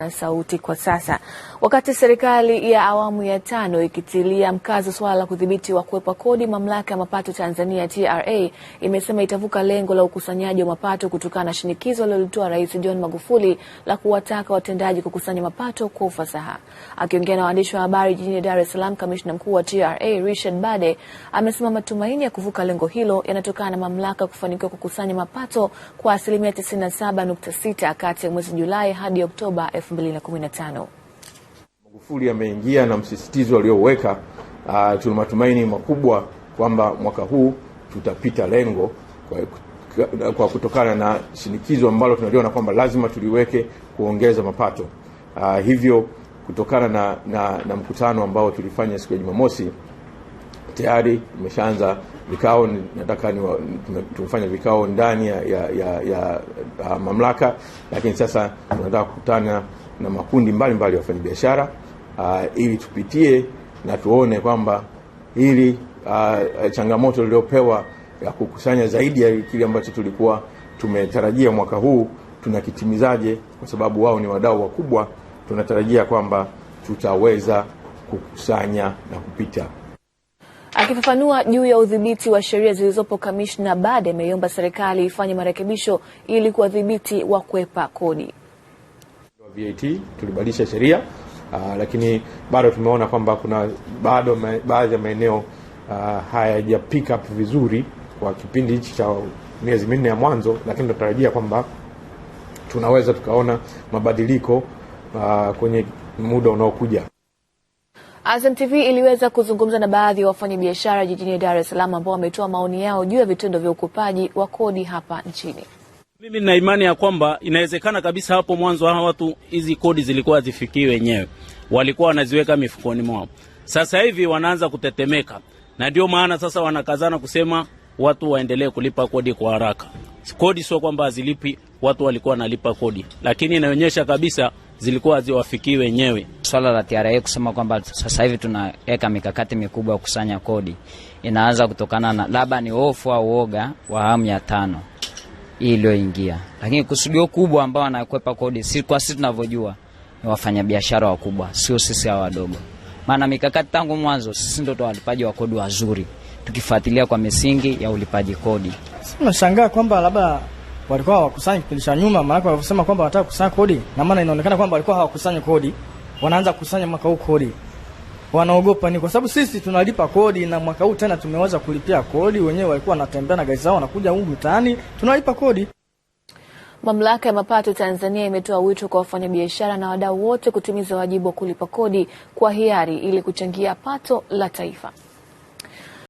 na sauti kwa sasa. Wakati serikali ya awamu ya tano ikitilia mkazo suala la kudhibiti wa kuwepa kodi, mamlaka ya mapato Tanzania TRA imesema itavuka lengo la ukusanyaji wa mapato kutokana na shinikizo alilolitoa Rais John Magufuli la kuwataka watendaji kukusanya mapato kwa ufasaha. Akiongea na waandishi wa habari jijini Dar es Salaam, kamishna mkuu wa TRA Richard Bade amesema matumaini ya kuvuka lengo hilo yanatokana na mamlaka kufanikiwa kukusanya mapato kwa asilimia 97.6 kati ya mwezi Julai hadi Oktoba 2015. Magufuli ameingia na msisitizo aliyoweka. Uh, ah, tuna matumaini makubwa kwamba mwaka huu tutapita lengo kwa, kwa kutokana na shinikizo ambalo tunaliona kwamba lazima tuliweke kuongeza mapato. Uh, hivyo kutokana na, na, na mkutano ambao tulifanya siku ya Jumamosi tayari tumeshaanza vikao, nataka tumefanya vikao ndani ya, ya, ya, ya mamlaka, lakini sasa tunataka kukutana na makundi mbalimbali ya wafanyabiashara uh, ili tupitie na tuone kwamba hili uh, changamoto liliyopewa ya kukusanya zaidi ya kile ambacho tulikuwa tumetarajia mwaka huu tunakitimizaje, kwa sababu wao ni wadau wakubwa. Tunatarajia kwamba tutaweza kukusanya na kupita Akifafanua juu ya udhibiti wa sheria zilizopo, Kamishna Bade ameiomba serikali ifanye marekebisho ili kuwadhibiti kwepa kodi. VAT tulibadilisha sheria uh, lakini bado tumeona kwamba kuna bado baadhi ya maeneo uh, hayaja pick up vizuri kwa kipindi hichi cha miezi minne ya mwanzo, lakini tunatarajia kwamba tunaweza tukaona mabadiliko uh, kwenye muda unaokuja. Azam TV iliweza kuzungumza na baadhi ya wafanyabiashara jijini Dar es Salaam ambao wametoa maoni yao juu ya vitendo vya ukopaji wa kodi hapa nchini. Mimi nina imani ya kwamba inawezekana kabisa, hapo mwanzo hawa watu hizi kodi zilikuwa hazifikii wenyewe, walikuwa wanaziweka mifukoni mwao. Sasa hivi wanaanza kutetemeka, na ndio maana sasa wanakazana kusema watu waendelee kulipa kodi kwa haraka. Kodi sio kwamba hazilipi, watu walikuwa wanalipa kodi, lakini inaonyesha kabisa zilikuwa haziwafikii wenyewe. Swala la TRA kusema kwamba sasa hivi tunaweka mikakati mikubwa ya kukusanya kodi inaanza kutokana na labda ni hofu au woga wa awamu ya tano hii iliyoingia, lakini kusudio kubwa ambao wanakwepa kodi si kwa sisi tunavyojua ni wafanyabiashara wakubwa, sio sisi hawa wadogo. Maana mikakati tangu mwanzo sisi ndio walipaji wa kodi wazuri, tukifuatilia kwa misingi ya ulipaji kodi. Nashangaa kwamba labda walikuwa hawakusanyi kipindi cha nyuma, kwa kusema kwamba wanataka kukusanya kodi, na maana inaonekana kwamba walikuwa hawakusanyi kodi, wanaanza kukusanya mwaka huu kodi. Wanaogopa ni kwa sababu sisi tunalipa kodi, na mwaka huu tena tumeweza kulipia kodi. Wenyewe walikuwa wanatembea na gari zao, wanakuja huku mtaani, tunalipa kodi. Mamlaka ya mapato Tanzania imetoa wito kwa wafanyabiashara na wadau wote kutimiza wajibu wa kulipa kodi kwa hiari ili kuchangia pato la taifa.